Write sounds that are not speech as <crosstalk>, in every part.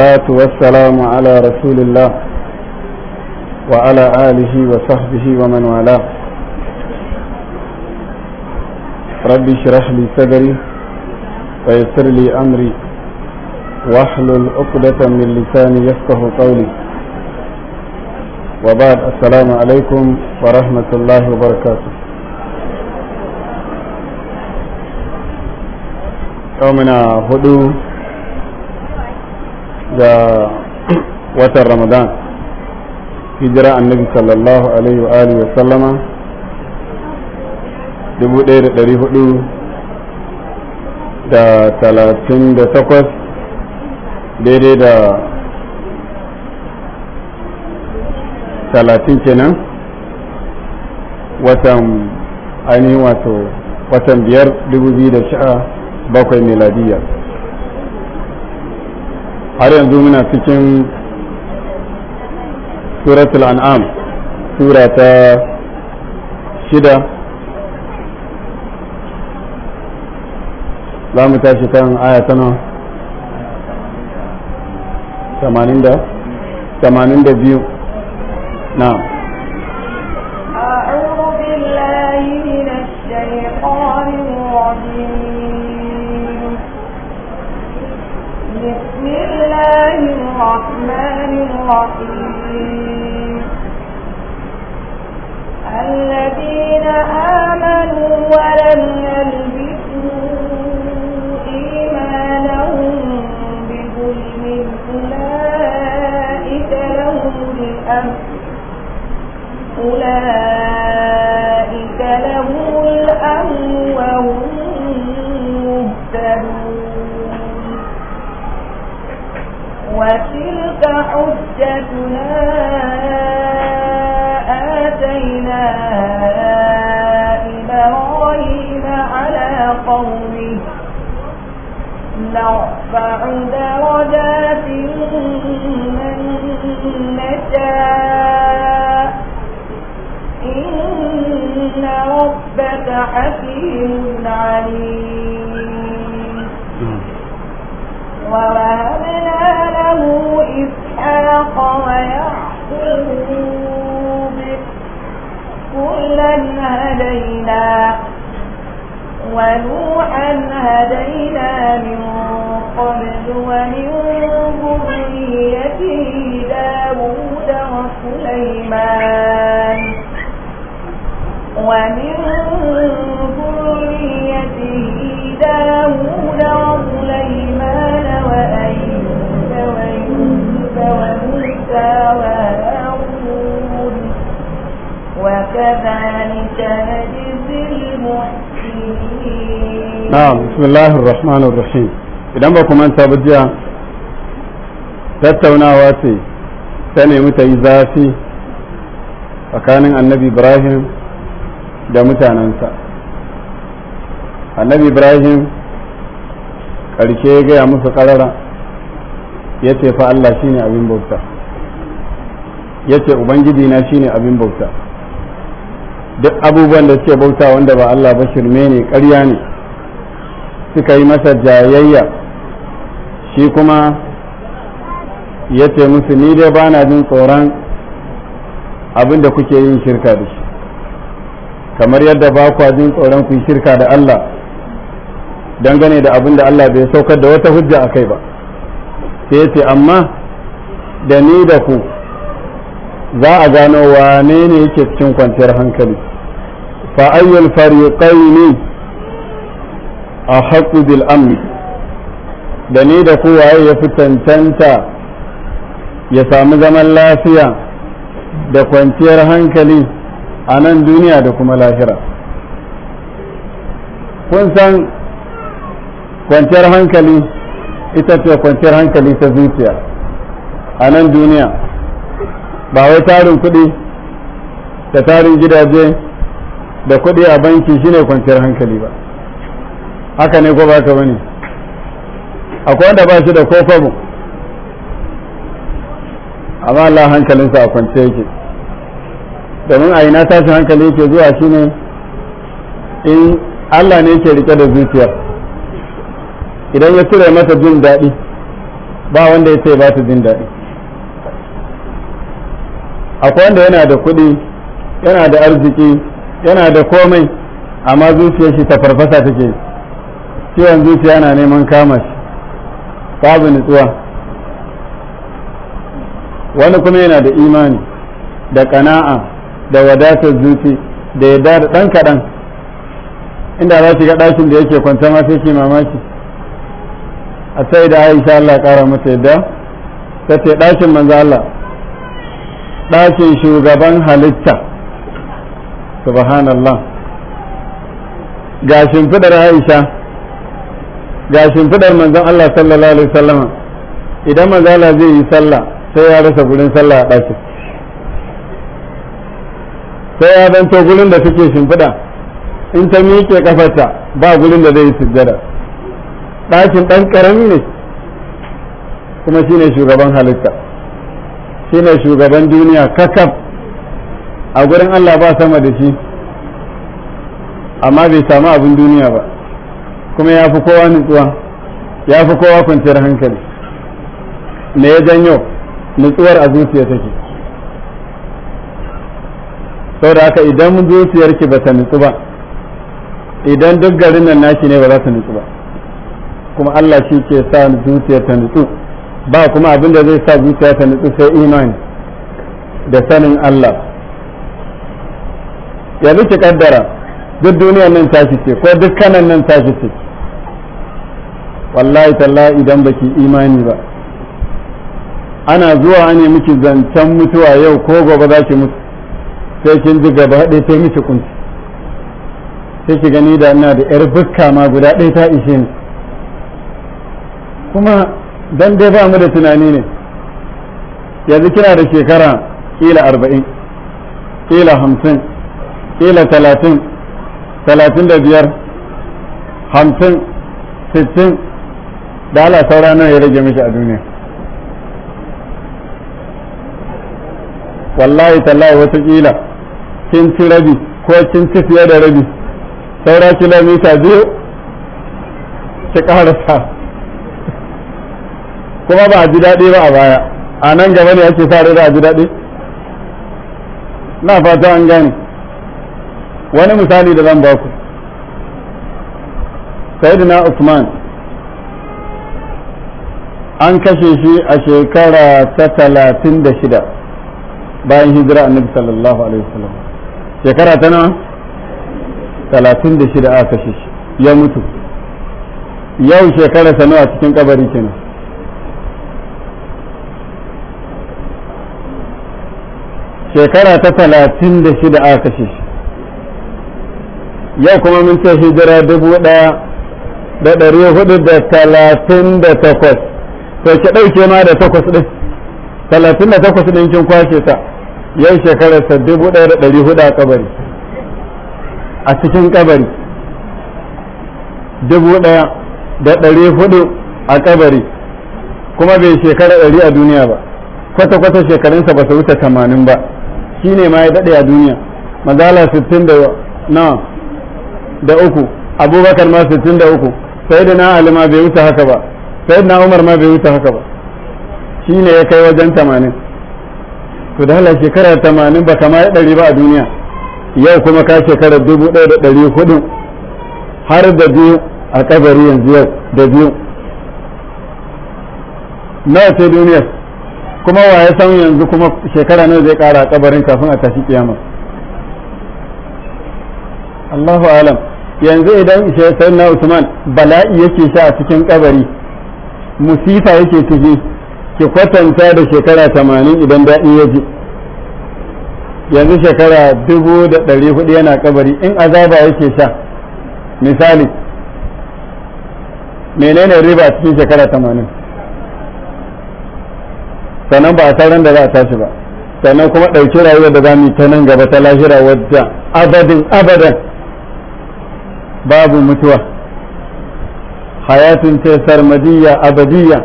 والصلاة والسلام على رسول الله وعلى آله وصحبه ومن والاه رب اشرح لي صدري ويسر لي أمري واحلل عقدة من لساني يفقه قولي وبعد السلام عليكم ورحمة الله وبركاته يومنا هدوء da watan ramadan hijira annabi sallallahu alaihi wa alihi wa sallama 1438 daidai da talatin kenan watan ainihin wato watan biyar dubu biyu da sha'a bakwai miladiyya har yanzu muna cikin suratul an'am sura ta shida za mu tashi kan aya ta nan 80 da 82 na'am رحيم الذين آمنوا ولم يلبسوا إيمانهم بظلم أولئك لهم الأمن bismillahir rahmanir idan ba ku manta ba jiya tattaunawa ce ta nemi ta yi zafi tsakanin annabi ibrahim da mutanensa annabi ibrahim ƙarshe ya gaya musu ƙarara ya ce fa Allah shine abin bauta ya ce ubangiji na shine abin bauta duk abubuwan da suke bauta wanda ba Allah ba shirme ne ƙarya ne suka yi masa jayayya shi kuma ya ce musu ni dai ba na jin tsoron abin da kuke yin shirka da shi kamar yadda ba kwa jin tsoron ku yi shirka da Allah dangane da abin da Allah bai saukar da wata hujja a kai ba sai ce amma da ni da ku za a gano wane ne yake cikin kwanciyar hankali fa ayyul fariqaini a haƙu bil da ni da kowaye ya fi cancanta ya samu zaman lafiya da kwanciyar hankali a nan duniya da kuma lahira kun san kwanciyar hankali ita ce kwanciyar hankali ta zuciya a nan duniya ba wai tarin kuɗi da tarin gidaje da kuɗi a banki shine kwanciyar hankali ba haka ne ko ba ka bane akwai wanda ba shi da ko mu amma Allah hankalinsa a kwance yake domin a ina tashin hankali yake zuwa shi ne in Allah ne yake rike da zuciyar idan ya cire mata jin daɗi ba wanda ya ce ba ta jin daɗi akwai wanda yana da kuɗi yana da arziki yana da komai amma zuciyar shi ta farfasa take yi ciwon zuciya na neman kama shi babu nutsuwa wani kuma yana da imani da kana'a da wadatar zuci da yadda da ɗan kaɗan inda za shiga ɗakin da yake kwanta ma sai ke mamaki a sai da aisha Allah ƙara mata yadda ta ce ɗakin manzo Allah ɗakin shugaban halitta subhanallah ga shimfidar aisha ga shimfidar manzon Allah sallallahu alaihi wasallama idan manzala zai yi sallah sai ya rasa gurin sallah a ɗakin sai ya zanto gurin da suke shimfiɗa in ta miƙe ƙafarta ba gurin da zai yi sujjada ɗakin ɗan ƙarami ne kuma shine shugaban halitta shine shugaban duniya kakaf a gurin Allah ba sama da shi amma bai samu abin duniya ba kuma ya fi kowa nutsuwa ya fi kowa kwanciyar hankali me ya janyo nutsuwar a zuciya take saboda haka idan zuciyarki ba ta nutsu ba idan duk garin nan naki ne ba za ta nutsu ba kuma Allah shi ke sa zuciya ta nutsu ba kuma abin da zai sa zuciya ta nutsu sai imani da sanin Allah yanzu ki kaddara duk duniyar nan tashi ce ko dukkanan nan tashi ce wallahi talla idan baki imani ba ana zuwa ne miki zancen mutuwa yau ko gobe za ki mutu sai kin ji gaba ɗaya sai miki kunci sai ki gani da ina da yar bukka ma guda ɗaya ta ishe ni kuma dan dai ba mu da tunani ne yanzu kina da shekara kila arba'in kila hamsin kila talatin talatin da biyar hamsin sittin da ala saura nan ya rage mishi a duniya wallahi tallahi watakila kin ci rabi ko kin ci fiye da rabi saura kilomita biyu ki karasa kuma ba a ji daɗi ba a baya a nan gaba ne ake sa da a ji daɗi na fata an gane wani misali da zan ba ku sayyidina Usman an kashe shi a shekara ta talatin da shida bayan hijira annabi sallallahu alaihi wasallam shekara ta nawa talatin da shida aka kashe shi ya mutu yau shekara ta nawa cikin kabari kenan shekara ta talatin da shida aka kashe shi yau kuma mun ce hijira dubu ɗaya da ɗari hudu da talatin da takwas sai ki ɗauke ma da takwas ɗin talatin da takwas ɗin kin kwashe ta yau shekarar sa dubu ɗaya da ɗari hudu a kabari a cikin kabari dubu ɗaya da ɗari hudu a kabari kuma bai shekara ɗari a duniya ba kwata-kwata shekarunsa ba su wuce tamanin ba shi ne ma ya daɗe a duniya mazala sittin da na da uku abubakar ma sittin da uku sai da na alima bai wuce haka ba sai na umar ma bai wuta haka ba shi ne ya kai wajen tamanin to da hala shekarar tamanin ba kama ya ɗari ba a duniya yau kuma ka shekarar dubu ɗaya da ɗari hudu har da biyu a kabari yanzu yau da biyu nawa ce duniyar kuma wa ya san yanzu kuma shekara nawa zai ƙara a kabarin kafin a tashi kiyama Allahu alam yanzu idan sai na Usman bala'i yake sha a cikin kabari musifa yake ciki ki kwatanta da shekara tamanin idan daɗi ya ji yanzu shekara dubu da ɗari hudu yana kabari in azaba yake sha misali menene riba cikin shekara tamanin sannan ba a sauran da za a tashi ba sannan kuma ɗauki rayuwar da za mu yi ta nan gaba ta lahira wadda abadin abadan babu mutuwa hayatun ce sarmadiyya abadiyya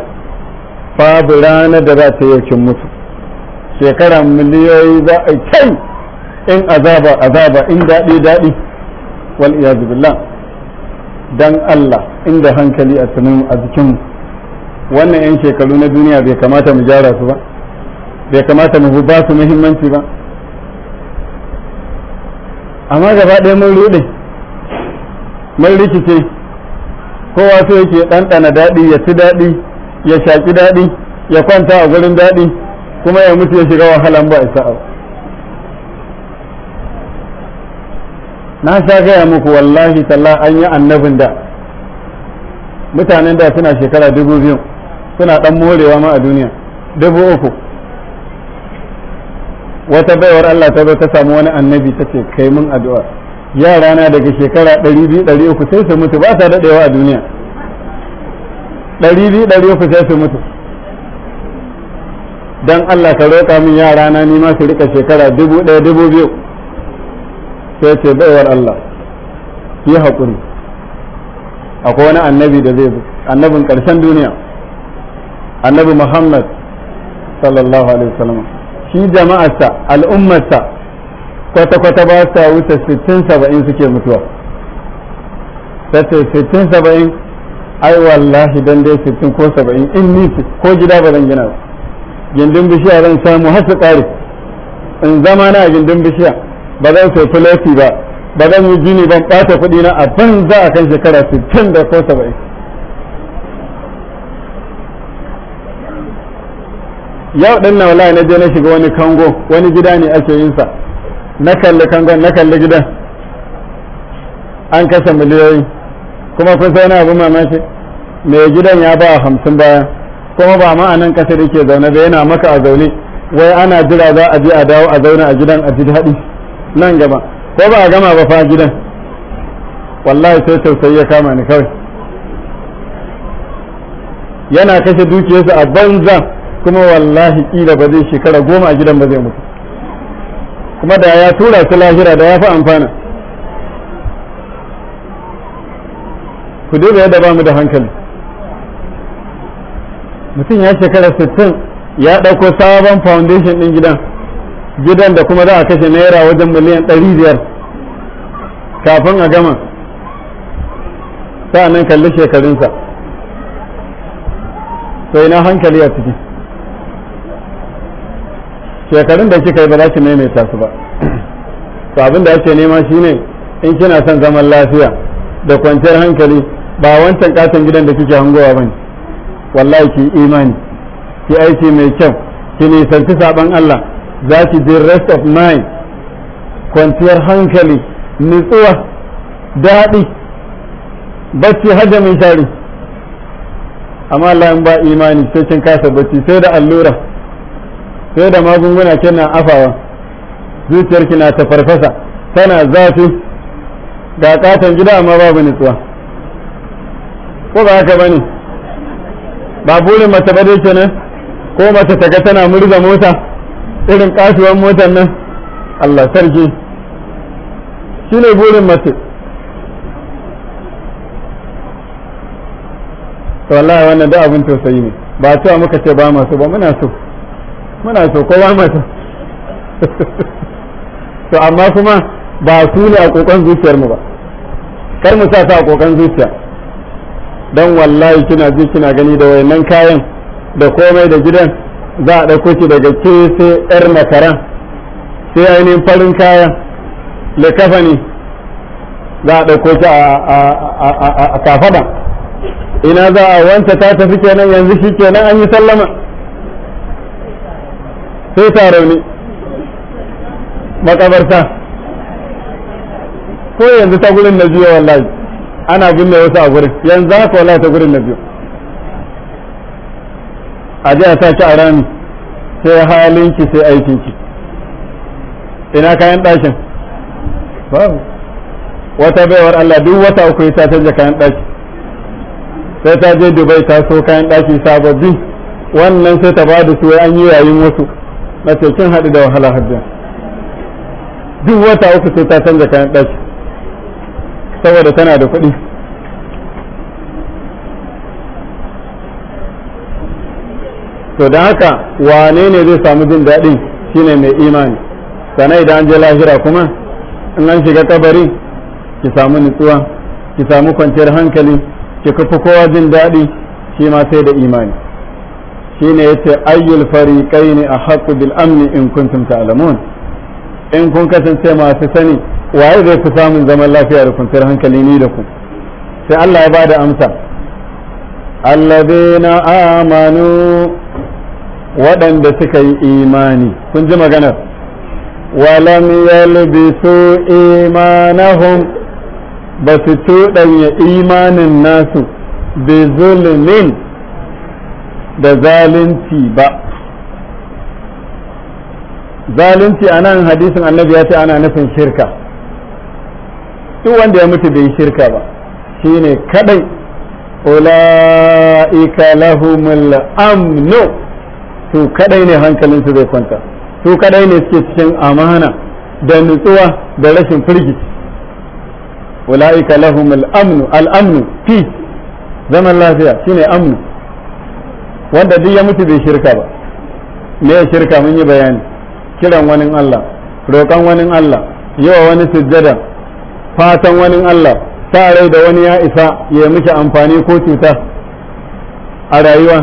babu ranar da za ta yaukin mutu shekara miliyoyi za a kai in azaba azaba in daɗi daɗi wal billah don Allah inda hankali a tunanin a jikinmu wannan 'yan shekaru na duniya bai kamata mu gyara su ba bai kamata mu ba su muhimmanci ba amma gaba ɗaya mun ruɗe mun rikice kowa sai yake ɗanɗana daɗi ya ci daɗi ya shaƙi daɗi ya kwanta a gurin daɗi kuma ya mutu ya shiga wahalan ba isa na sha gaya muku wallahi talla an yi annabin da mutanen da suna shekara dubu biyu suna ɗan morewa ma a duniya dubu uku wata baiwar Allah ta zo ta samu wani annabi ta ce kai mun addu'a yara na daga shekara 200-300 sai su mutu ba sa daɗewa a duniya 200-300 sai su mutu don Allah ka roƙa min yara na nima su rika shekara 1000-2000 sai ce baiwar Allah yi haƙuri akwai wani annabi da zai annabin ƙarshen duniya annabi Muhammad sallallahu alaihi wasallam shi jama'arsa al'ummarsa kwata-kwata ba sa wuce sittin saba'in suke mutuwa ta ce sittin saba'in ai wallahi don dai sittin ko saba'in in ni ko gida ba zan gina ba gindin bishiya zan samu har su ƙare in zama na gindin bishiya ba zan sai filofi ba ba zan yi gini ban ɓata kuɗi na a banza a kan shekara sittin da ko saba'in yau ɗin na wala na je na shiga wani kango wani gida ne ake yinsa na kalli kangon na kalli gidan an kasa miliyoyi kuma kun sai na abu mamaki mai gidan ya ba hamsin baya kuma ba ma kasar yake zaune ba yana maka a zaune wai ana jira za a je a dawo a zauna a gidan a ji daɗi nan gaba ko ba a gama ba fa gidan wallahi sai tausayi ya kama ni kawai yana kashe dukiyarsa a banza kuma wallahi kila ba zai shekara goma a gidan ba zai mutu kuma da ya tura su lahira da ya fi amfana ku duba yadda ba mu da hankali mutum ya shekara 60 ya ɗauko sabon foundation ɗin gidan gidan da kuma za a kashe naira wajen miliyan 500 kafin a gama sa'annan kalli shekarunsa to ina hankali a ciki shekarun da kika yi ba za ki maimaita su ba to abin da ake nema shine in kina son zaman lafiya da kwanciyar hankali ba wancan katon gidan da kike hangowa ne. wallahi ki imani ki aiki mai kyau ki nisanci saban Allah za ki je rest of mind kwanciyar hankali nutsuwa daɗi bacci hajja mai shari amma Allah ba imani sai kin kasa bacci sai da allura sai da magunguna kina afawa zuciyar kina ta farfasa tana zafi ga katon gida amma babu nutsuwa ko ba haka bane ba burin mace ba kenan ko mace ta ga tana murza mota irin kasuwan motar nan Allah sarki shine burin mace to wallahi wannan da abin tausayi ne ba cewa muka ce ba masu ba muna so muna so kowa mata to amma kuma ba su ne a kokon zuciyar mu ba kar mu sa ta a kokon zuciya dan wallahi kina ji kina gani da wayannan kayan da komai da gidan za a ɗauko shi daga ke sai yar makaran sai ainihin farin kayan likafani za a ɗauko shi a kafada ina za a wanta ta tafi kenan yanzu shi kenan an yi sallama sai ta rauni makabarta ko yanzu ta gurin na biyu wallahi ana binne wasu a gurin yanzu haka wallahi ta gurin na biyu a ji a sa ki a rami sai halinki sai aikinki ina kayan ɗakin babu wata baiwar Allah duk wata uku ta canja kayan ɗaki sai ta je Dubai ta so kayan ɗaki sababbi wannan sai ta ba da su an yi yayin wasu na haɗu da wahala hajjin duk wata uku sai ta canza kayan ɗaki saboda tana da kuɗi to da haka wane ne zai samu jin shi shine mai imani sana'i idan an je lahira kuma in an shiga kabari ki samu nutsuwa ki samu kwanciyar hankali ki kafa kowa jin daɗi shi ma sai da imani shine yace ayyul fariqaini ahqqu bil amni in kuntum ta'lamun in kun kasance masu sani waye zai fi samun zaman lafiya da kwanciyar hankali ni da ku sai Allah ya bada amsa alladhina amanu waɗanda suka yi imani kun ji maganar walam yalbisu imanahum ba su tuɗanya imanin nasu bi zulmin da zalunci ba zalunci a nan hadisin annabi ya ce ana nufin shirka duk wanda ya mutu bai shirka ba shi ne kadai ula'ika lahumul amnu su kadai ne hankalinsu zai kwanta su kadai ne suke cikin amana da nutsuwa da rashin firgici ula'ika lahumul amnu al'amnu fi zaman lafiya shi ne amnu wanda duk ya mutu bai shirka ba me shirka mun yi bayani kiran wani Allah roƙon wani Allah yawa wani sujjada fatan wani Allah sa rai da wani ya isa ya miki amfani ko cuta a rayuwa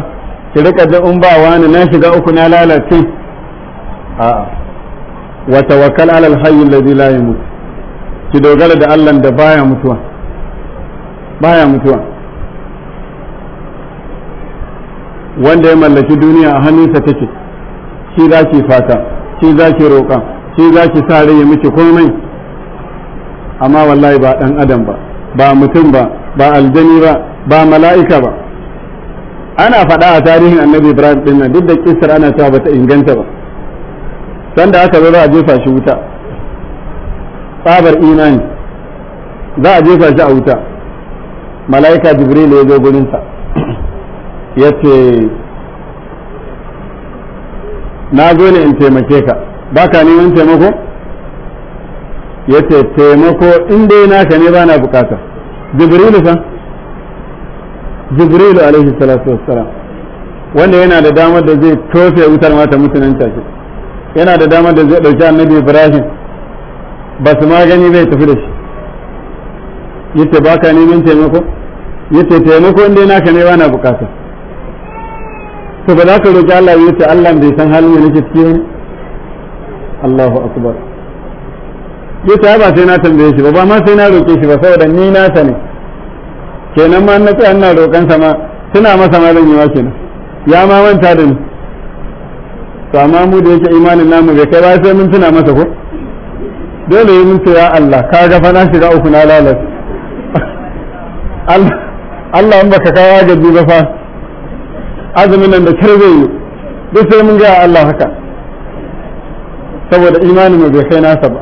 ki rika da in ba wani na shiga uku na lalace a wa tawakkal ala alhayy alladhi la yamut ki dogara da Allah da baya mutuwa baya mutuwa wanda ya mallaki duniya a hannunsa take shi za ki fata shi za ki roƙa shi za ki sa rai ya miki komai amma wallahi ba ɗan adam ba ba mutum ba ba aljani ba ba mala'ika ba ana faɗa a tarihin annabi ibrahim ɗin nan duk da kisar ana cewa bata inganta ba sanda aka zo za a jefa shi wuta tsabar imani za a jefa shi a wuta mala'ika jibril ya zo gurinsa ya ce na zo ne in taimake ka ba ka neman taimako ya ce taimako in dai naka ne ba na bukata jibrilu fa jibrilu alaihi salatu wassalam wanda yana da damar da zai tofe wutar mata mutunan take yana da damar da zai dauki annabi ibrahim ba su magani zai tafi da shi yace ba ka neman taimako yace taimako in dai naka ne ba na bukata to ba za ka roƙi Allah ya ce Allah bai san halin da nake ciki ba Allahu akbar ya ta ba sai na tambaye shi ba ba ma sai na roƙe shi ba saboda ni na ta ne kenan ma na tsaya ina roƙan sama ma suna masa ma zan yi ma kenan ya ma manta da ni to amma mu da yake imanin namu bai kai ba sai mun tuna masa ko dole yi mun ce ya Allah ka ga fa na shiga uku na lalace <laughs> Allah in baka kawo agaji ba fa azumin nan da kar zai yi duk sai mun gaya Allah haka saboda imani mu bai kai nasa ba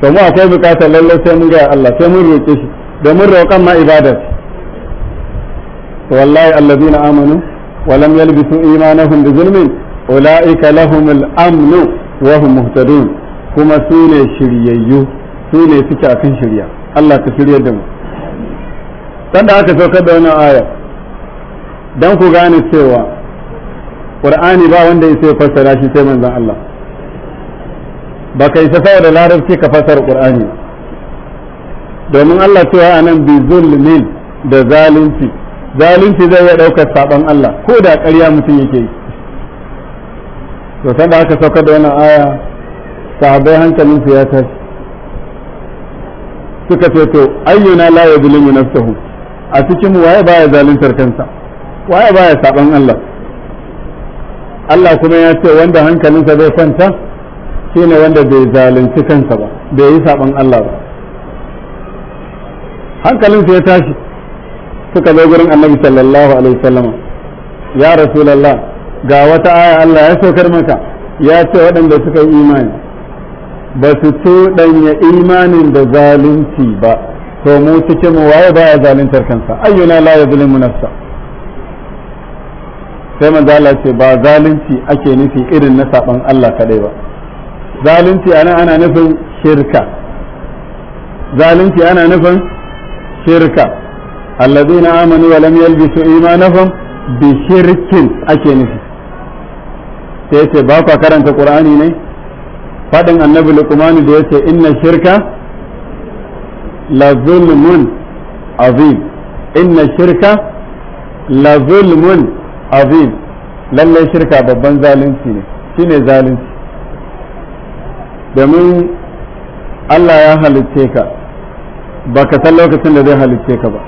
to mu akwai bukatar lallai sai mun gaya Allah sai mun roƙe shi da domin roƙon ma ibada to wallahi allazina amanu wa lam yalbisu imanahum bi zulmin ulaika lahumul amnu wa hum muhtadun kuma su ne shiryayyu su ne suke akan shirya Allah ta shirya da mu sanda aka saukar da wannan aya dan ku gane cewa ƙur'ani ba wanda yake fassara shi sai manzon Allah ba kai sa da larabci ka fassara qur'ani domin Allah cewa anan bi zulmin da zalunci zalunci zai iya daukar saban Allah ko da ƙarya mutum yake yi to da aka saukar da wannan aya sahabbai hankalin su suka ce to ayyuna la yadhlimu nafsuhu a cikin waye baya zaluntar kansa waye baya saban Allah Allah kuma ya ce wanda hankalinsa bai kwanta shine wanda bai zalunci kansa ba bai yi saban Allah ba hankalinsa ya tashi suka zo gurin annabi sallallahu alaihi wasallam ya rasulullah ga wata aya Allah ya saukar maka ya ce waɗanda suka yi imani ba su cuɗanya imanin da zalunci ba to mu cikin mu waye baya zaluntar kansa ayyuna la yuzlimu nafsa sai manzo Allah ce ba zalunci ake nufi irin na saban Allah kadai ba zalunci ana ana nufin shirka zalunci ana nufin shirka alladheena amanu wa lam yalbisu imanahum bi shirkin ake nufi sai ce ba ka karanta qur'ani ne fadin annabi luqman da yace inna shirka la zulmun azim inna shirka la zulmun azim lallai shirka babban zalunci ne shine zalunci domin Allah ya halicce ka ba ka san lokacin da zai halicce ka ba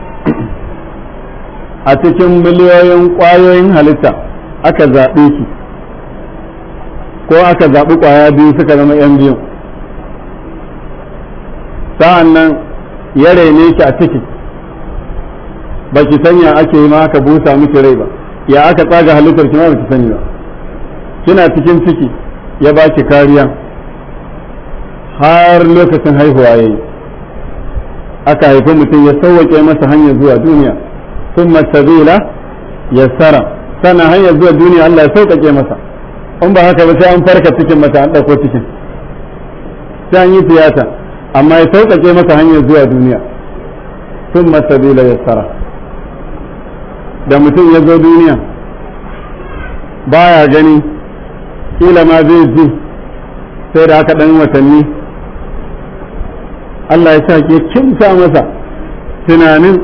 a cikin miliyoyin ƙwayoyin halitta aka zaɓe su ko aka zaɓi ƙwaya biyu suka zama 'yan biyu sa'an nan ya ne shi a ciki ba ki sanya ake yi ma aka busa miki rai ba ya aka tsaga halittar kina ba ki sani ba kina cikin ciki ya ba ki kariya har lokacin haihuwa yayi aka haifi mutum ya sauwaƙe masa hanyar zuwa duniya sun sabila ya sara sannan hanyar zuwa duniya Allah ya sauƙaƙe masa in ba haka ba sai an farka cikin mata an ɗauko cikin sai an yi tiyata amma ya sauƙaƙe masa hanyar zuwa duniya sun sabila ya sara da mutum ya zo duniya baya gani kila ma zai ji sai da aka ɗan watanni Allah ya sa ke masa tunanin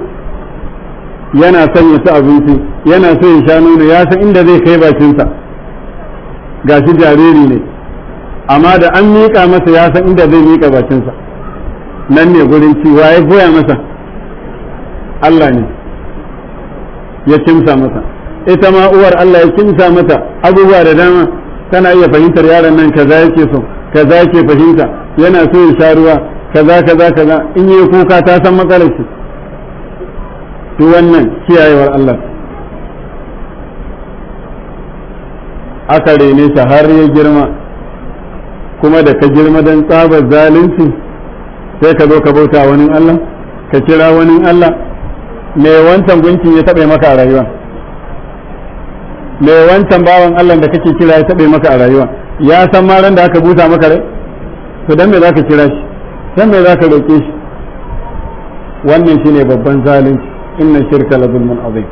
yana son ya ci abinci yana so ya sha nuna ya san inda zai kai bakinsa shi jariri ne amma da an miƙa masa ya san inda zai miƙa bakinsa nan ne gurin ciwa ya goya masa Allah ne ya kimsa mata ita ma uwar Allah ya kimsa mata abubuwa da dama tana iya fahimtar yaran nan kaza yake so kaza yake fahimta yana so ya sha ruwa kaza kaza kaza in yi kuka ta san matsalar shi to wannan kiyayewar Allah aka rene shi har ya girma kuma da ka girma don tsabar zalunci sai ka zo ka bauta wani Allah ka kira wani Allah me wancan gunkin ya taɓa maka a rayuwa me wancan bawan Allah da kake kira ya taɓa maka a rayuwa ya san ma ran da aka buta maka rai to dan me zaka kira shi dan me zaka roke shi wannan shine babban zalunci inna shirka la zulmun azim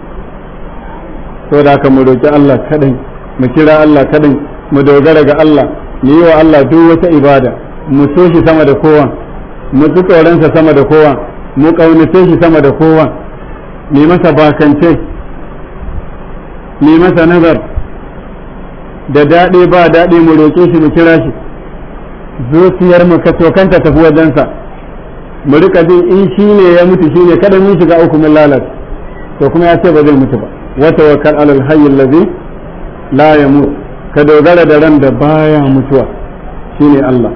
to da ka mu roki Allah kadan mu kira Allah kadan mu dogara ga Allah mu yi wa Allah duk wata ibada mu so shi sama da kowa mu tsoransa sama da kowa mu kaunace shi sama da kowa mai masa bakance mai masa nazar da daɗe ba daɗe mu roƙe shi mu kira shi zuciyar mu kaso kanta tafi wajensa mu rika jin in shi ne ya mutu shi ne kada mun shiga uku mun lalata to kuma ya ce ba zai mutu ba wata wakar alal hayyin lazi la ya mu ka dogara da ran da baya mutuwa shi ne Allah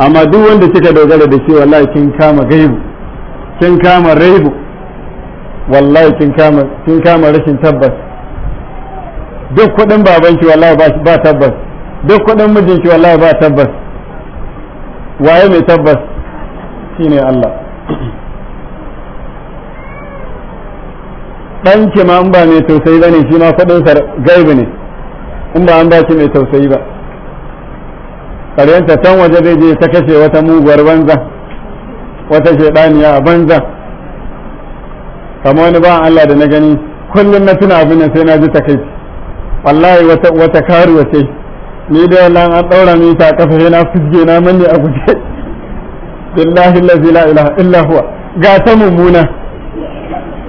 amma duk wanda kika dogara da shi wallahi kin kama gaibu kin kama raibu wallahi kin kama kin kama rashin tabbas duk kuɗin babanki wallahi ba tabbas duk kuɗin mijinki wallahi ba tabbas waye mai tabbas shine Allah ɗanki ma in ba mai tausayi ba ne shi ma kuɗinsa gaibi ne in ba an ba ki mai tausayi ba ƙaryanta tan waje zai je ta kashe wata muguwar banza wata shaidaniya a banza kamar wani ba Allah da na gani kullum na tuna abin sai na ji takai wallahi wata wata karuwa ce ni da wannan an daura ni ta kafa sai na fusge na manne a guje billahi allazi la ilaha illa huwa ga ta mummuna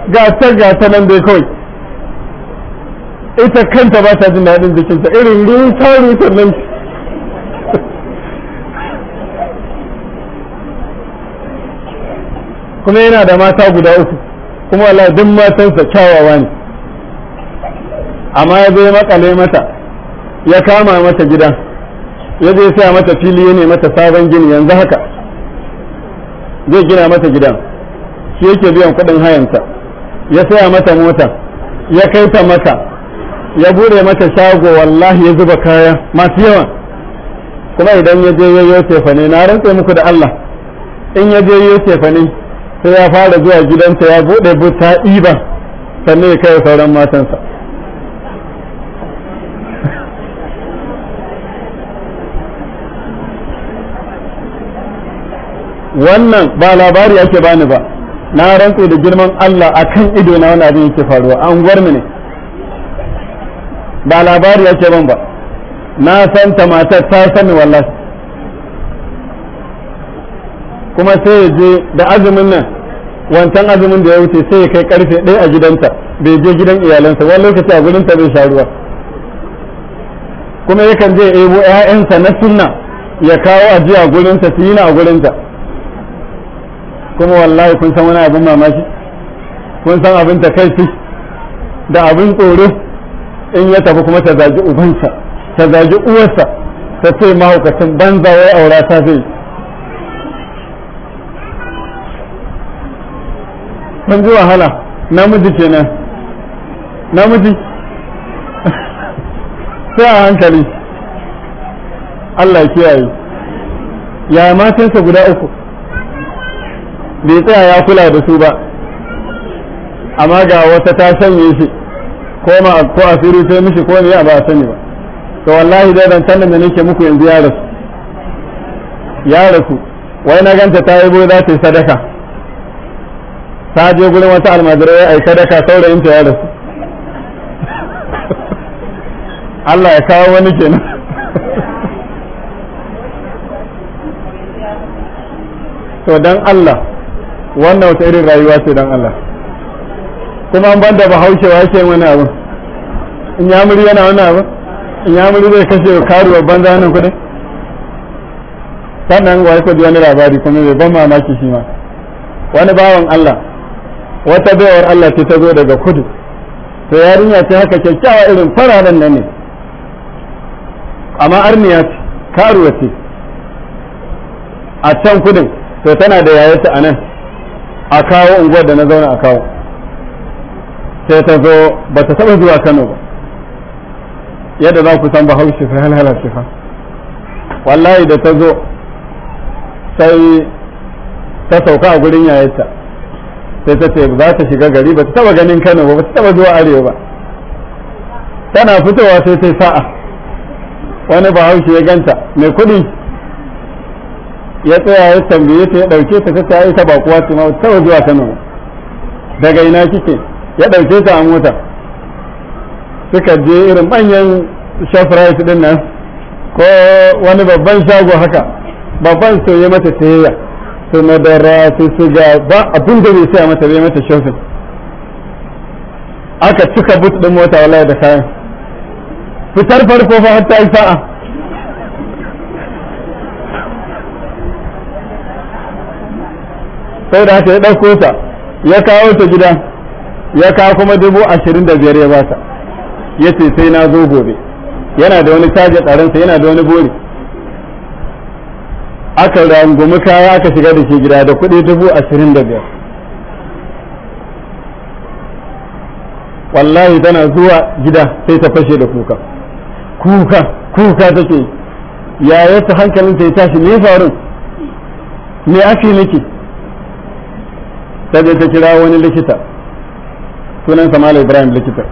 ga ta ga ta nan dai kawai ita kanta ba ta jin daɗin jikinta irin ta rusar nan <laughs> kuma yana da mata guda uku kuma wala matansa kyawawa ne amma ya zo ya makale mata ya kama mata gida ya je sa mata fili ya ne mata sabon gini yanzu haka zai gina mata gidan shi yake biyan kuɗin hayanta ya saya mata mota ya kai ta maka ya bude mata shago wallahi ya zuba kaya masu yawa kuma idan ya je ya yi na rantsa muku da Allah in ya je ya yi sai ya fara zuwa gidansa ya bude buta iban sannan ya kai sauran matansa wannan ba labari yake bani ba na rantsu da girman Allah a kan ido na wani abin yake faruwa an gwarmi ne ba labari yake ban ba na san ta matar ta sani wallahi kuma sai ya je da azumin nan wancan azumin da ya wuce sai ya kai karfe ɗaya a gidanta bai je gidan iyalansa wani lokaci a gurinta bai sha ruwa kuma yakan je ebo 'ya'yansa na sunna ya kawo ajiya gurinsa su yi na a gurinsa kuma wallahi kun san wani abin mamaki kun san abin ta takaici da abin tsoro in ya tafi kuma ta zagi ubansa ta zagi uwarsa ta ce mahaukacin banza wai aura ta zai kun ji wahala namiji kenan namiji <laughs> sai a hankali Allah kiyaye ya matansa guda uku bai tsaya ya kula da su ba amma ga wata ta sanye shi ko ma ko asiri sai mishi ko ne ba sani ba to wallahi dai dan tannan da nake muku yanzu ya rasu ya rasu wai na ganta ta yi za ta yi sadaka ta je gurin wata almajirai ai sadaka saurayin ta yara. Allah ya kawo wani kenan to dan Allah wannan wata irin rayuwa ce dan Allah kuma an bahaushe wa ce wani abu in ya muri yana wani abu in ya muri zai kashe karu babban zanen kudin sannan wai kudi wani labari kuma bai ban mamaki shi ma wani bawan Allah wata bayawar Allah ta zo daga kudu to yarinya ta haka kyakkyawa irin fararen nan ne amma arniya ce karuwa ce a can kudin to tana da yayarta a nan a kawo unguwar da na zauna a kawo sai ta zo ba ta taɓa zuwa kano ba yadda za ku san ba haushi fa halhala shi fa wallahi da ta zo sai ta sauka a gurin yayarta sai ta ce za ta shiga gari ba ta taba ganin Kano ba ba ta taba zuwa arewa ba tana fitowa sai ta sa'a wani bahaushe ya ganta mai kuɗi ya tsaya ya tambaye ta ya ɗauke ta ta tsaye ta bakuwa ce ma ba ta taba zuwa Kano daga ina kike ya ɗauke ta a mota suka je irin manyan shafirai din nan ko wani babban shago haka babban soye mata sayayya su madara su suga ba abin da bai saya mata bai mata shofin aka cika but din mota wallahi da kayan fitar farko fa har ta yi sa'a sai da haka ya ɗauko ta ya kawo ta gida ya kawo kuma dubu ashirin da biyar ya ta ya ce sai na zo gobe yana da wani caje tsaronsa yana da wani bori aka rangumi kaya aka shiga da shi gida da kuɗi dubu ashirin da biyar wallahi tana zuwa gida sai ta fashe da kuka kuka kuka take yaya ta hankalin ta ya tashi me farin me ake miki ta ta kira wani likita sunan samal ibrahim likita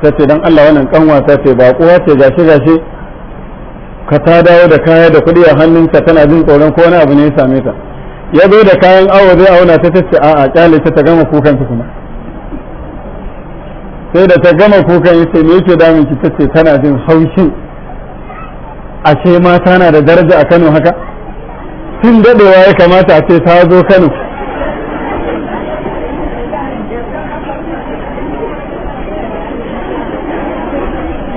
ta ce don allah wannan kan ta ce ba kowa ce gashi gashi ka ta dawo da kaya da kuɗi a hannunka tana jin tsoron ko wani abu ne ya same ta ya zo da kayan awo zai auna ta tace a a kyale ta ta gama kukan ta kuma sai da ta gama kukan yace me yake damun ki tace tana jin haushin ashe mata na da daraja a Kano haka tun dadewa ya kamata a ce ta zo Kano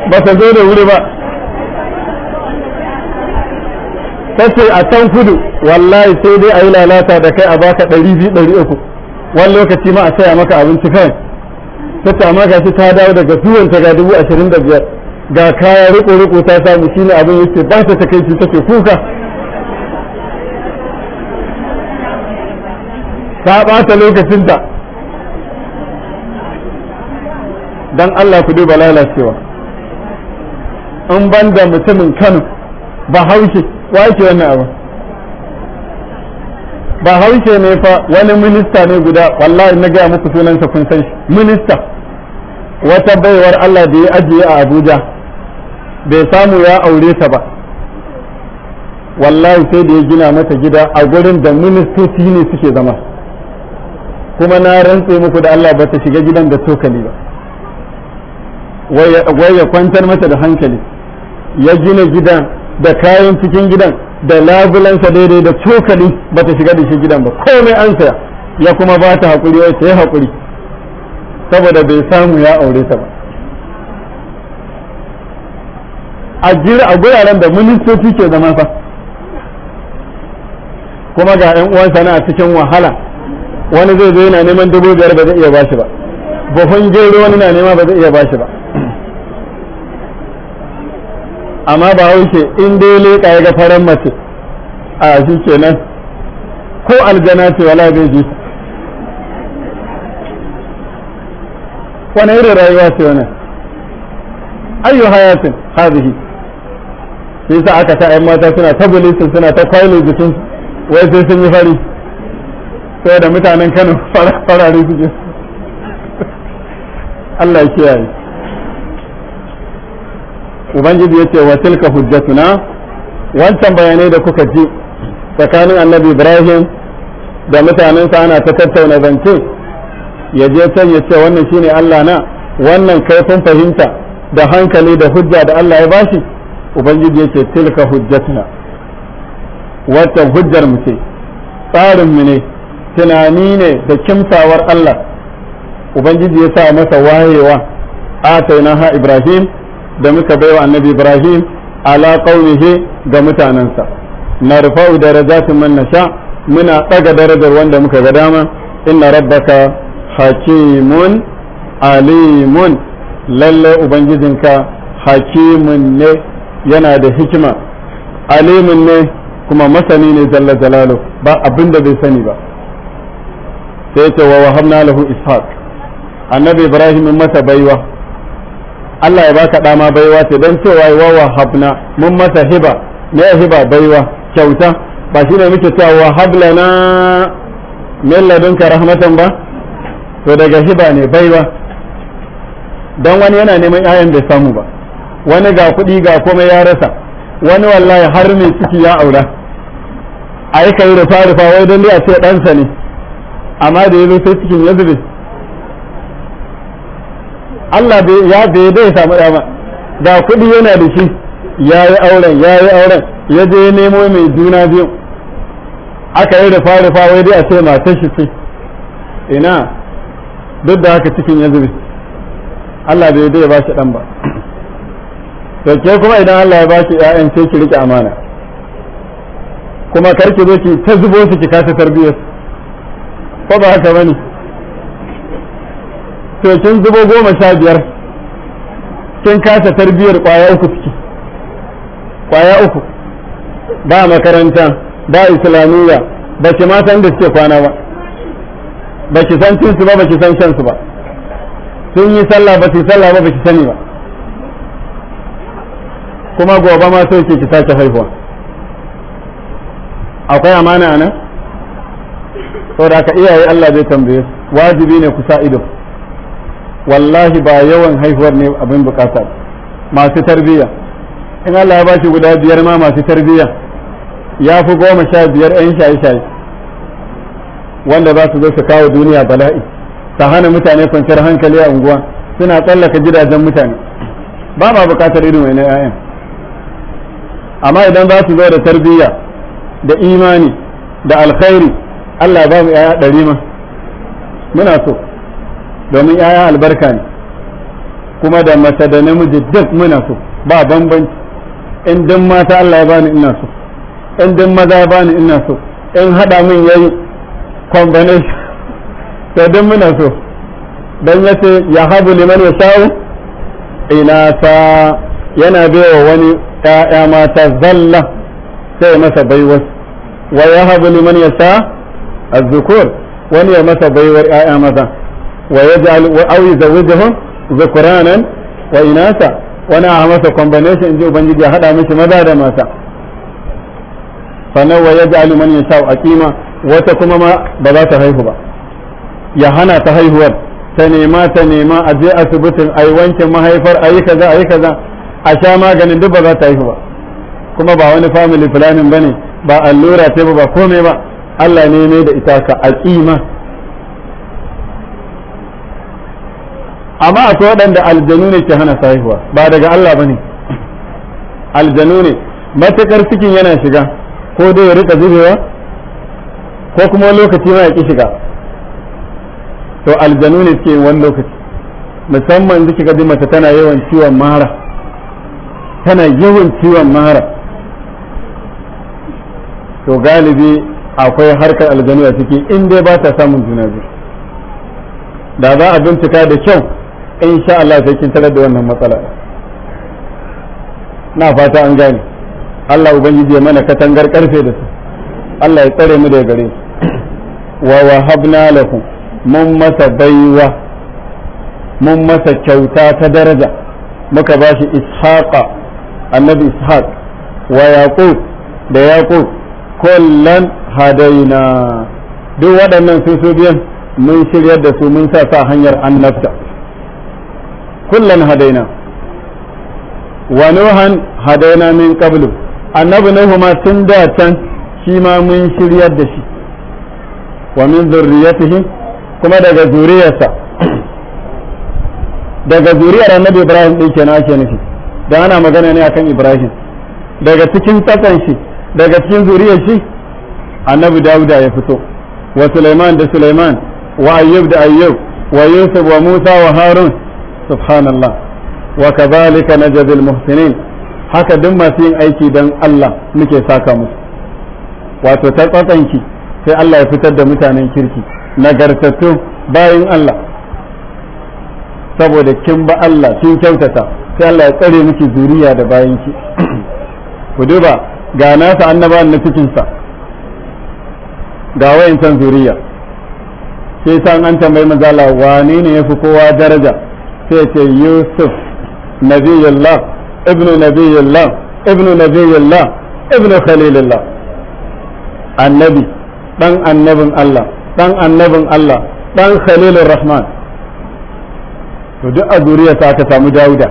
ba ta zo da wuri ba ta ce a can kudu wallahi sai dai a yi lalata da kai a baka ɗari biyu ɗari uku wani lokaci ma a saya maka abinci kan ta ce amma ga ta dawo daga tuwon ta ga dubu ashirin da biyar ga kaya riko riko ta samu ne abin yake ba ta ta take kuka ta ɓata lokacinta don Allah ku duba lalacewa in banda mutumin Kano ba haushe wake wannan abin ba haushe ne fa wani minista ne guda wallahi na gaya muku sunansa kun san shi minista wata baiwar Allah da ya ajiye a Abuja bai samu ya aure ta ba wallahi sai da ya gina mata gida a gurin da ministoci ne suke zama kuma na rantse muku da Allah ba ta shiga gidan da tokali ba wai ya kwantar mata da hankali ya gina gidan da kayan cikin gidan da labulansa daidai da cokali ba ta shiga da shi gidan ba komai an saya ya kuma ba ta haƙuri wai sai haƙuri saboda bai samu ya aure ta ba a jira a guraren da ministoci ke zama fa kuma ga 'yan uwansa na cikin wahala wani zai zo yana neman dubu biyar ba zai iya ba shi ba buhun gero wani na nema ba zai iya ba shi ba amma ba wuce in dai leƙa ya ga faran mace a shi nan ko aljana ce wala zai ji wani irin rayuwa ce wani ayyu hayatin hazihi shi sa aka ta ‘yan mata suna ta bulisun suna ta kwailo jikin wai sai sun yi fari sai da mutanen kano <laughs> farare suke Allah ya kiyaye ubangiji yace wa tilka hujjatuna wancan bayanai da kuka ji tsakanin annabi ibrahim da mutanensa ana ta tattauna zance ya je can ya ce wannan shine allah na wannan kaifin fahimta da hankali da hujja da allah ya bashi ubangiji yace tilka hujjatuna waccan hujjar mu ce tsarin mu ne tunani ne da kimsawar allah ubangiji ya sa masa wayewa a ha ibrahim da muka baiwa annabi ibrahim ala qaumihi ga mutanansa narfa'u darajatin man nasha muna daga darajar wanda muka ga dama inna rabbaka hakimun alimun lalle ubangijinka hakimun ne yana da hikima alimun ne kuma masani ne jalla jalalu ba abin bai sani ba sai ce wa wahabna lahu ishaq annabi ibrahim masa baiwa Allah ya baka dama baiwa ce don cewa wa habna mun masa hiba ne hiba baiwa kyauta ba shi ne muke cewa hablana min ka rahmatan ba to daga hiba ne baiwa don wani yana neman yayan bai samu ba wani ga kuɗi ga komai ya rasa wani wallahi har mai ciki ya aura a yi kai rufa rufa wai don ne a ce ɗansa ne amma da ya sai cikin ya zube Allah ya bai bai samu dama da kuɗi yana da shi ya yi auren ya yi auren ya je nemo mai juna biyu aka yi da fara fawai dai a ce matar shi ce ina duk da haka cikin ya zube Allah bai bai ba shi dan ba to ke kuma idan Allah ya ba shi ƴaƴan sai ki rike amana kuma karki zo ki ta zubo su ki kasa tarbiyyar ko ba haka bane to kin zubo goma sha biyar kin kasa tarbiyar kwaya uku ciki kwaya uku ba makaranta ba islamiyya ba ki ma san da suke kwana ba ba ki san cin su ba ba ki san shan su ba sun yi sallah ba su sallah ba ba ki sani ba kuma gobe ma sai ki sake haihuwa akwai amana a nan saboda aka iyaye Allah zai tambaye wajibi ne ku sa ido wallahi ba yawan haihuwar ne abin bukata masu tarbiyya in Allah ya bashi guda biyar ma masu tarbiyya ya fi goma sha biyar 'yan shaye-shaye wanda za su zo su kawo duniya bala'i ta hana mutane kwanciyar hankali a unguwa suna tsallaka gidajen mutane ba ma bukatar irin wani ayan amma idan za su zo da tarbiyya da imani da alkhairi Allah ba mu 'ya'ya ɗari ma muna so domin yaya albarka ne kuma da mace da namiji duk muna so ba bambanci in din mata Allah ya bani ina so in din maza ya bani ina so in hada min yayi combination sai <laughs> din muna so dan yace ya habu liman yasau ta yana baiwa wani ƴaƴa mata zalla sai masa baiwar wa ya habu liman sa azzukur wani ya masa baiwar ƴaƴa maza ويجعل أو يزوجهم ذكرانا وإناثا wani a masa combination in ji ubangiji a haɗa mishi maza da mata sannan wa ya ji man ya sha a kima wata kuma ma ba za ta haihu ba ya hana ta haihuwar ta nema ta nema a je asibitin a yi wankin mahaifar a yi kaza a yi kaza a sha maganin duk ba za ta haihu ba kuma ba wani family planning ba ne ba allura ce ba ba komai ba Allah ne ne da ita a kima amma akwai waɗanda aljanu ne ke hana sahihuwa ba daga Allah bane aljanu ne matakar cikin yana shiga ko dai ya rika zubewa ko kuma lokaci ma ya ki shiga to aljanu ne suke wani lokaci musamman da kika ji mace tana yawan ciwon mara tana yawan ciwon mara to galibi akwai harkar aljanu a ciki in dai ba ta samun juna biyu da za a bincika da kyau sha Allah sai kin tarar da wannan matsala na fata an gane Allah ubangiji ya mana katangar karfe da su Allah ya tsare mu daga gare wa wahabna lahu mun masa baiwa mun masa kyauta ta daraja muka ba shi ishaqa annabi ishaq wa yaqub da yaqub kullan hadaina duk waɗannan sun su biyan mun shiryar da su mun sa sa hanyar annabta Kullan Hadaina wa ونوحا Hadaina min qablu annabi Nuhu ma tun da can shi ma mun shiryar da shi wa min zurriyatihi kuma daga zuriyarsa daga zuriyar annabi Ibrahim din kenan ake nufi da ana magana ne akan Ibrahim daga cikin tsakan shi daga cikin zuriyar shi annabi Dawuda ya fito wa Sulaiman da Sulaiman wa Ayyub da Ayyub wa Yusuf wa Musa wa Harun subhanallah wa na najzil muhsinin haka duk masu yin aiki dan Allah muke saka musu wato ta tsatsanki sai Allah ya fitar da mutanen kirki nagartattu bayan Allah saboda kin ba Allah kin kyautata sai Allah ya tsare miki zuriya da bayan ki <clears throat> ku duba ga nasa annabawan na cikinsa ga wayancan zuriya sai san an tambayi manzala wane ne ya fi kowa daraja sai ce yusuf nabiyullah ibnu nabiyullah ibnu nabiyullah ibnu khalilullah annabi dan annabin Allah dan annabin Allah dan khalilur rahman to duk a ta aka samu Dawuda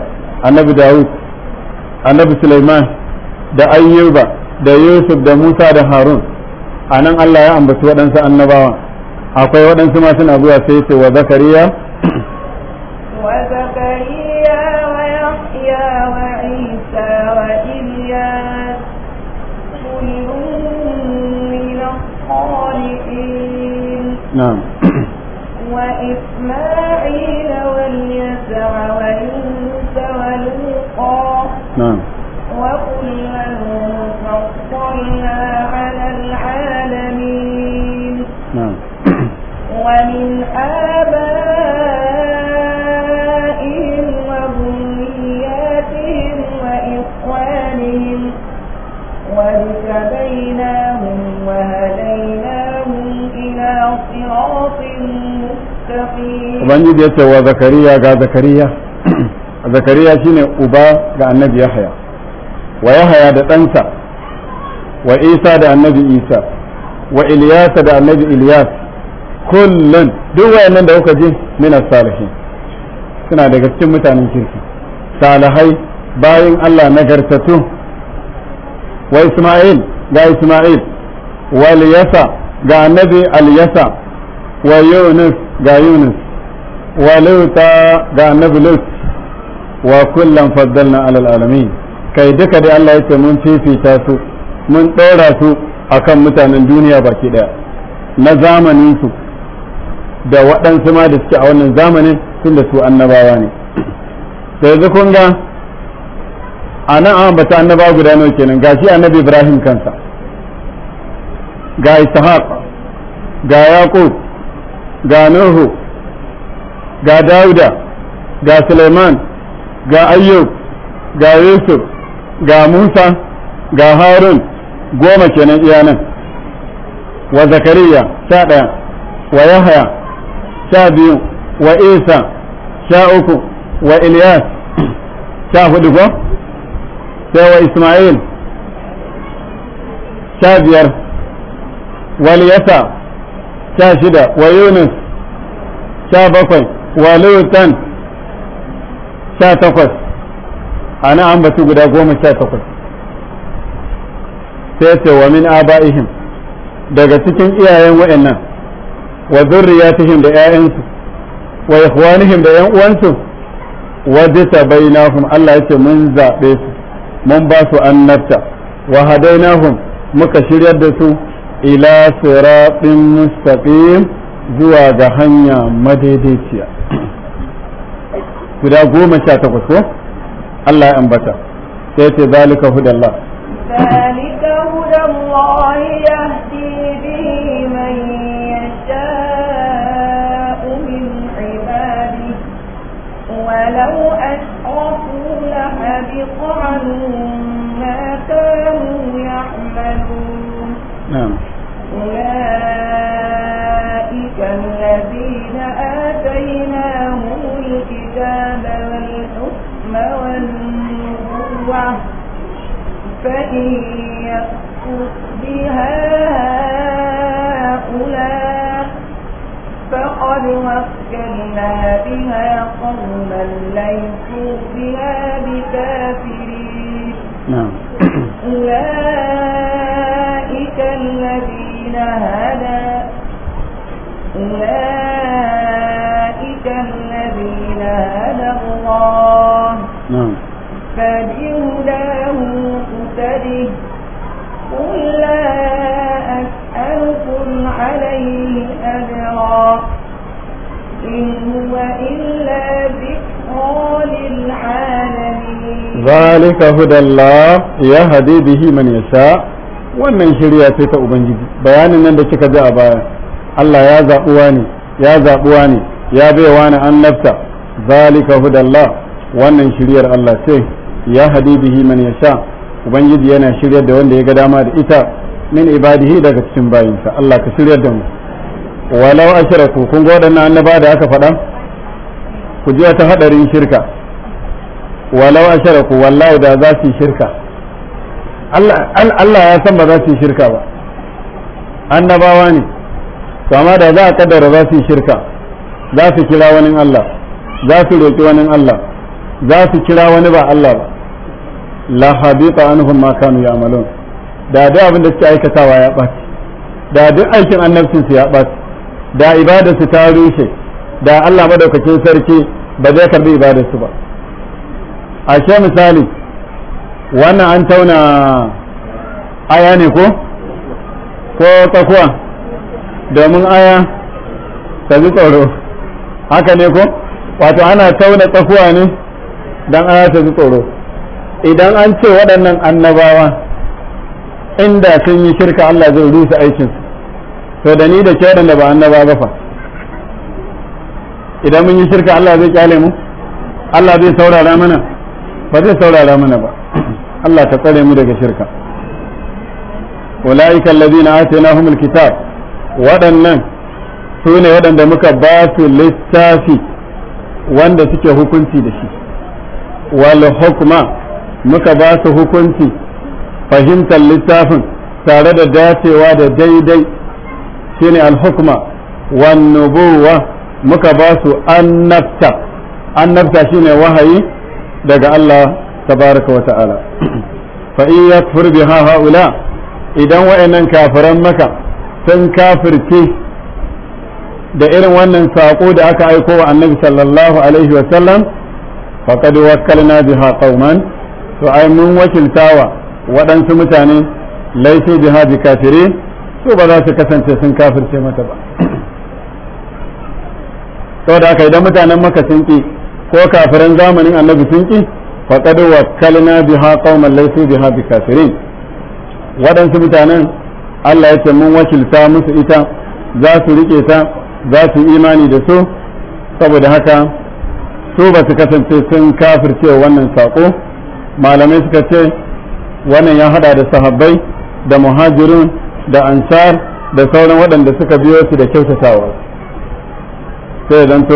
annabi Dawud annabi Sulaiman da Ayyuba da Yusuf da Musa da Harun a nan Allah ya ambaci waɗansu annabawa akwai waɗansu masu suna zuwa sai ce wa Zakariya نعم ubangiji ya ce wa zakariya ga zakariya <clears throat> zakariya shine uba ga annabi yahaya wa yahaya da ɗansa wa isa da annabi isa wa iliyasa da annabi iliyas kullun duk wayannan da kuka ji mina salihin suna daga cikin mutanen kirki salihai bayin allah nagartatu wa isma'il ga isma'il wa aliyasa ga annabi aliyasa wa yunus ga yunus walauta ga annabi lut wa kullum faddalna alal alamin kai duka dai Allah ya ce mun fifita su mun ɗora su akan mutanen duniya baki daya na zamanin su da waɗansu ma da suke a wannan zamanin tun da su annabawa ne da yanzu kun ga a nan an bata annabawa guda nawa kenan gashi annabi Ibrahim kansa ga Ishaq ga Yaqub ga Nuhu ga dauda ga suleiman ga ayyub ga yusuf ga musa ga harun goma kenan iyanan wa zakariya sha ɗaya wa yahaya sha biyu wa isa sha uku wa ilyas sha hudu ko sai wa isma'il sha biyar wa Liyasa sha shida wa yunus sha bakwai walutan sha takwas a na batu guda goma sha takwas sai ce wa min aba'ihim daga cikin iyayen wa'annan wa zurriyatihim da 'ya'yansu wa ikhwanihim da 'yan uwansu dita bainahum Allah yace mun zabe su mun ba su annabta wa hadainahum muka shiryar da su ila siratin mustaqim zuwa ga hanya madaidaiciya guda goma sha takwas ko Allah ya ambata sai ce zalika hudallah zalika hudallah yahdi bihi man min ibadi walau asrafu la habiqa الذين آتيناهم الكتاب والحكم والنبوة فإن يكفر بها هؤلاء فقد وكلنا بها قوما ليسوا بها بكافرين نعم أولئك الذين هادوا ذلك هدى الله يهدي به من يشاء wannan shirya ce ta ubangiji bayanin nan da kika ji a baya Allah ya zabuwa ne ya zabuwa ne ya baiwa ni annabta zalika hudallah wannan shiryar Allah ce ya hadi bihi man yasha ubangiji yana shiryar da wanda ya ga dama da ita min ibadihi daga cikin bayinsa Allah ka shiryar da mu walau ashraku kun ga waɗannan annaba da aka faɗa ku ji wata hadarin shirka walau ashraku wallahi da za su shirka Allah ya san ba za su shirka ba annabawa ne to amma da za a kaddara za su shirka za su kira wani Allah za su roki wani Allah za su kira wani ba Allah ba la habita anhum ma kanu ya'malun da duk abin da suke aikatawa ya ɓaci da duk aikin annabcin su ya ɓaci da ibadarsu ta rushe da Allah madaukakin sarki ba zai karbi ibadarsu ba ashe misali wannan an tauna aya ne ko ko tsakuwa domin aya ta ji tsoro haka ne ko wato ana tauna tsakuwa ne don aya ta ji tsoro idan an ce waɗannan annabawa inda sun yi shirka Allah zai rusa aikinsu to da ni da ke da ba annaba ba fa idan mun yi shirka Allah zai kyale mu Allah zai saurara mana ba zai saurara mana ba Allah ta tsare mu daga shirka ulaika alladhina atainahumul kitab waɗannan su ne waɗanda muka ba su littafi wanda suke hukunci da shi wal hukma muka ba su hukunci fahimtar littafin tare da dacewa da daidai shine al-hukma wan nubuwa muka ba su annabta annabta shine wahayi daga Allah tabaraka wa ta'ala <clears throat> fa in yakfur biha haula idan wa'annan kafiran maka sun kafirce da irin wannan sako da aka aiko wa annabi sallallahu alaihi wa sallam faqad wakkalna biha qauman to ai mun wakiltawa waɗansu mutane laisu biha bi kafirin to ba za su kasance sun kafirce mata ba saboda haka idan mutanen maka sun ki ko kafiran zamanin annabi sun ki faqad kalna biha qauman laysu biha bikafirin waɗansu mutanen Allah ya ce mun wakilta musu ita za su rike ta za su imani da su saboda haka su ba su kasance sun kafirce wannan sako malamai suka ce wannan ya hada da sahabbai da muhajirun da ansar da sauran waɗanda suka biyo su da kyautatawa sai zanto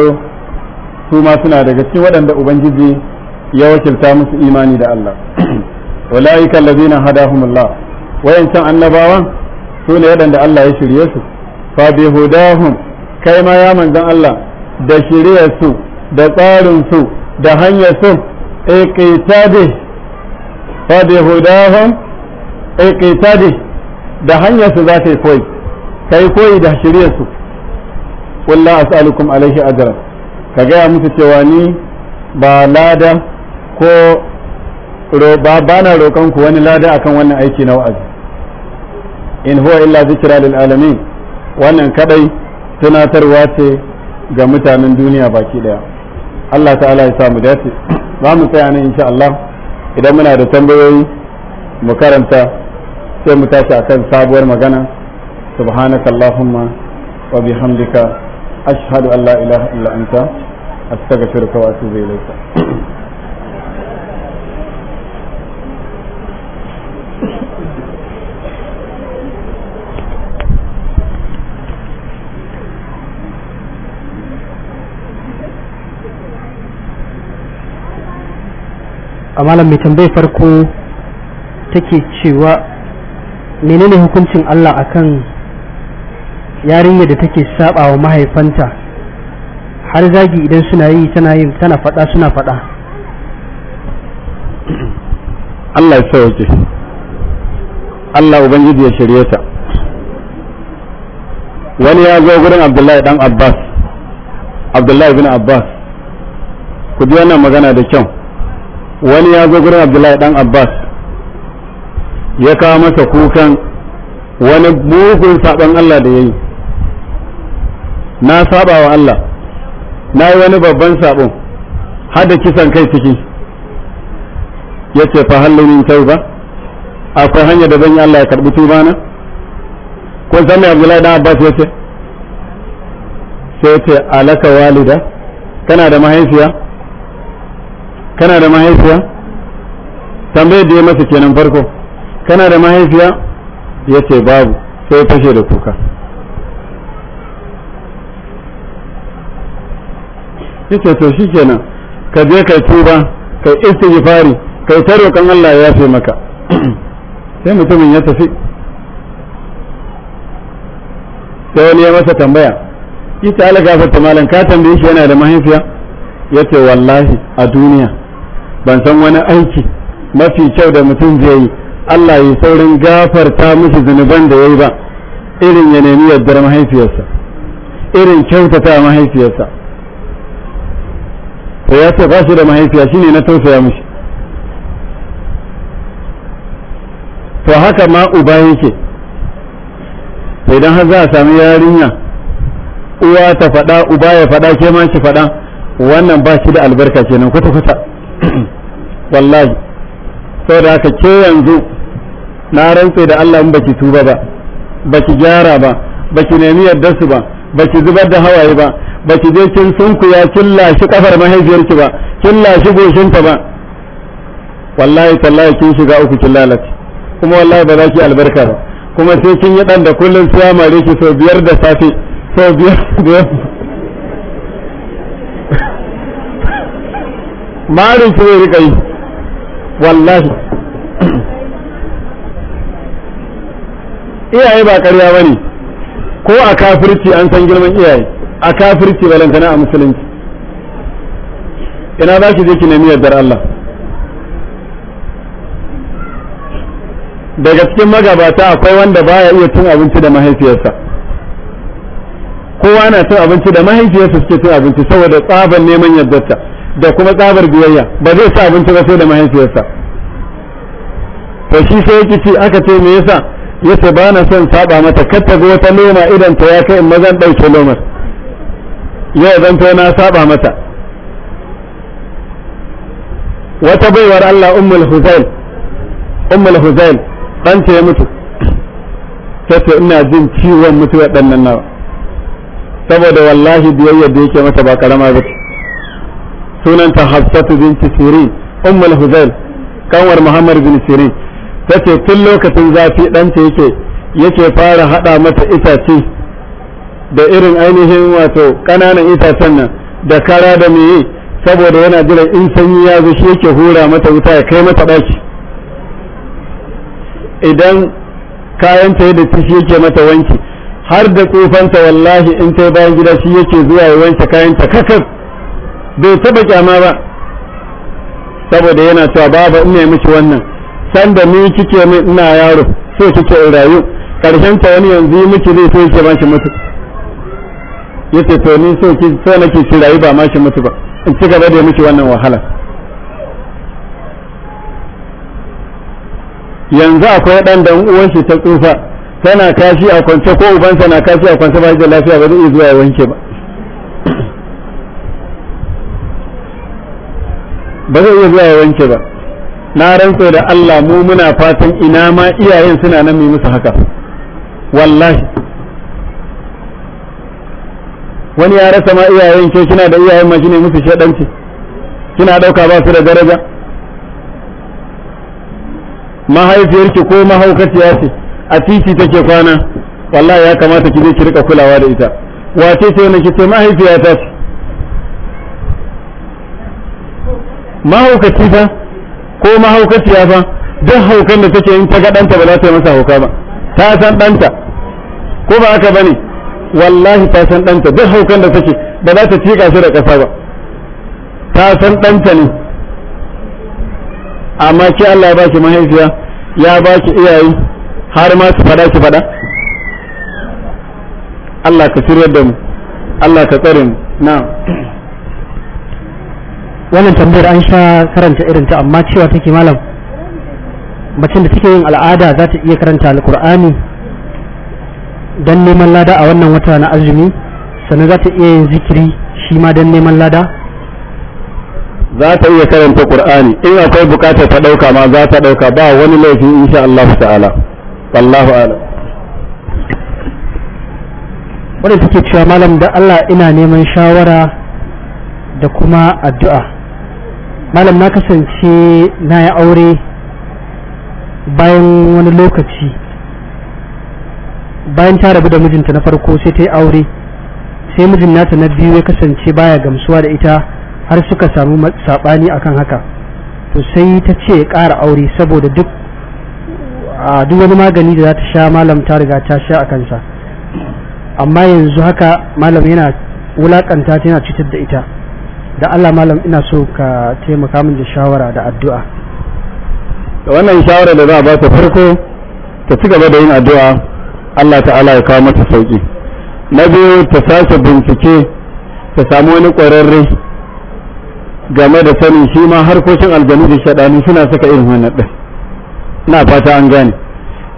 su ma suna daga cikin waɗanda ubangiji ya wakilta musu imani da Allah <clears throat> ulaika allazina hadahumullah wayancan annabawan su ne waɗanda Allah ya shirye su fa bihudahum kai ma ya manzon Allah da shiryar su da tsarin su da hanyar su iqtadi fa bihudahum iqtadi da hanyarsu za ta yi koyi ka yi koyi da shiryarsu kulla as'alukum alaihi ajara ka gaya musu cewa ni ba lada ko ba bana roƙon ku wani lada akan wannan aiki na wa'azi in huwa illa zikra lil alamin wannan kadai tunatarwa ce ga mutanen duniya baki daya Allah ta'ala ya samu dace za mu tsaya ne insha Allah idan muna da tambayoyi mu karanta sai mu tashi a kan sabuwar magana subhanaka allahumma wa bihamdika ashhadu an la ilaha illa anta astaghfiruka wa atubu ilayka a malam mai tambayar farko take cewa menene hukuncin Allah akan yarinya da take saba wa mahaifanta har zagi idan suna yi tana yin tana fada suna fada Allah ya sauke Allah ubangiji ya shirye ta wani ya zo gurin Abdullahi dan Abbas Abdullahi bin Abbas ku ji wannan magana da kyau wani ya zo gurin Abdullahi dan Abbas ya kawo masa kukan wani mugun saɓon Allah da ya yi na saba wa Allah na yi wani babban saɓon hada kisan kai ciki ya ce fa halin ba akwai hanyar da zan yi Allah ya karɓi tuba na kun san me Abdullahi dan Abbas ya ce sai ya ce alaka walida kana da mahaifiya kana da mahaifiya tambayar da ya masa kenan farko kana da mahaifiya ya ce babu sai fashe da kuka ce to shi kenan ka je ka tuba ka istighfari kai ta roƙon Allah ya yafe maka <clears throat> sai mutumin ya tafi sai wani ya masa tambaya ita ala gafarta malam ka tambaye shi yana da mahaifiya ya ce wallahi a duniya ban san wani aiki mafi kyau da mutum zai yi Allah ya saurin gafarta mishi zunuban da ya yi ba irin ya nemi yardar mahaifiyarsa irin kyautata mahaifiyarsa to ya ce ba shi da mahaifiya ne na tausaya mishi to haka ma uba yake idan har za a sami yarinya uwa ta faɗa uba ya faɗa ke ma shi faɗa wannan ba shi da albarka kenan kwata-kwata <clears throat> wallahi saboda haka ke yanzu na rantse da Allah in baki tuba ba baki gyara ba baki nemi yadda su ba baki zubar da hawaye ba baki je kin ya kin shi kafar mahaifiyarki ba kin goshin ta ba wallahi tallahi kin shiga uku kin lalace kuma wallahi ba za ki albarka ba kuma sai kin yi dan da kullun sai mare ki sau biyar da safe sau biyar da <laughs> marin ki rika yi wallahi iyaye ba ƙarya ba ne ko a kafirci an san girman iyaye a kafirci balantana a musulunci ina za ki je ki nemi yardar Allah daga cikin magabata akwai wanda baya iya cin abinci da mahaifiyarsa kowa na cin abinci da mahaifiyarsa suke cin abinci saboda tsabar neman yardarta da kuma tsabar biyayya ba zai ci abinci ba sai da mahaifiyarsa to shi sai yake ci aka ce me yasa yace ba na son saba mata kar ta wata loma idan ta ya kai in mazan ɗauke lomar yau zanto na saba mata wata baiwar Allah ummul huzail ummul huzail ɗanta ya mutu ta ina jin ciwon mutuwar dan nan nawa saboda wallahi biyayyar da yake mata ba karama ba sunanta hafsatu binti sirin ummul huzail kanwar muhammad bin sirin ta ce tun lokacin zafi ɗanta yake yake fara haɗa mata itace da irin ainihin wato ƙananan itacen nan da kara da meye saboda yana jiran in sanyi ya zo shi yake hura mata wuta ya kai mata ɗaki idan kayan ta da shi yake mata wanki har da tsufanta wallahi in ta bayan gida shi yake zuwa ya wanke kayan ta kakar bai taɓa kyama ba saboda yana cewa baba ya miki wannan sanda ni kike min ina yaro so kike in rayu karshen ta wani yanzu yi miki zai so yake ba shi mutu yace to ni so ki so nake ki rayu ba ma shi mutu ba in ci gaba da miki wannan wahala yanzu akwai dan dan uwan shi ta tsufa tana kashi a kwance ko ubansa na kashi a kwance ba shi da lafiya ba zai iya zuwa ya wanke ba ba zai iya zuwa ya wanke ba na rantse da Allah mu muna fatan ina ma iyayen suna nan mai musu haka wallahi wani ya rasa ma iyayen ke kina da iyayen ma shine musu shedanci kina dauka ba su da daraja ki ko mahaukaciya ce a titi take kwana wallahi ya kamata ki je ki rika kulawa da ita wace ce wannan ce mahaifiyata ce mahaukaci ta. ko mahaukaciya fa duk haukan da take in ta ga danta ba za ta yi masa hauka ba ta san danta ko ba haka bane wallahi ta san danta duk haukan da take ba za ta cika shi da ƙasa ba ta san danta ne amma ki Allah ya ba ki mahaifiya ya ba ki iyaye har ma su faɗa ki faɗa Allah ka shirya da mu Allah ka tsare mu na'am wannan tambayar an sha karanta irin ta amma cewa take malam Bacin da take yin al'ada za ta iya karanta alkur'ani don neman lada a wannan wata na azumi sannan za ta iya yin zikiri shi ma don neman lada za ta iya karanta qur'ani in akwai bukatar ta dauka ma za ta dauka ba wani laifin insha Allah ta'ala wallahu a'lam wanda take cewa malam da Allah ina neman shawara da kuma addu'a malam na kasance na ya aure bayan wani lokaci bayan ta rabu da mijinta na farko sai ta yi aure sai mijin nata na biyu ya kasance baya gamsuwa da ita har suka samu saɓani akan haka to sai ta ce ya ƙara aure saboda duk a duk wani magani da za ta sha malam ta riga ta sha a kansa amma yanzu haka malam yana wulakanta ta yana cutar da ita da Allah malam ina so ka taimaka min da shawara da addu'a da wannan shawara da za a ba ta farko ta ci gaba da yin addu'a Allah ta'ala ya kawo mata sauki na biyu ta sake bincike ta samu wani ƙwararre game da sanin shi ma harkokin aljanu da shaɗani suna saka irin wannan ɗin na fata an gane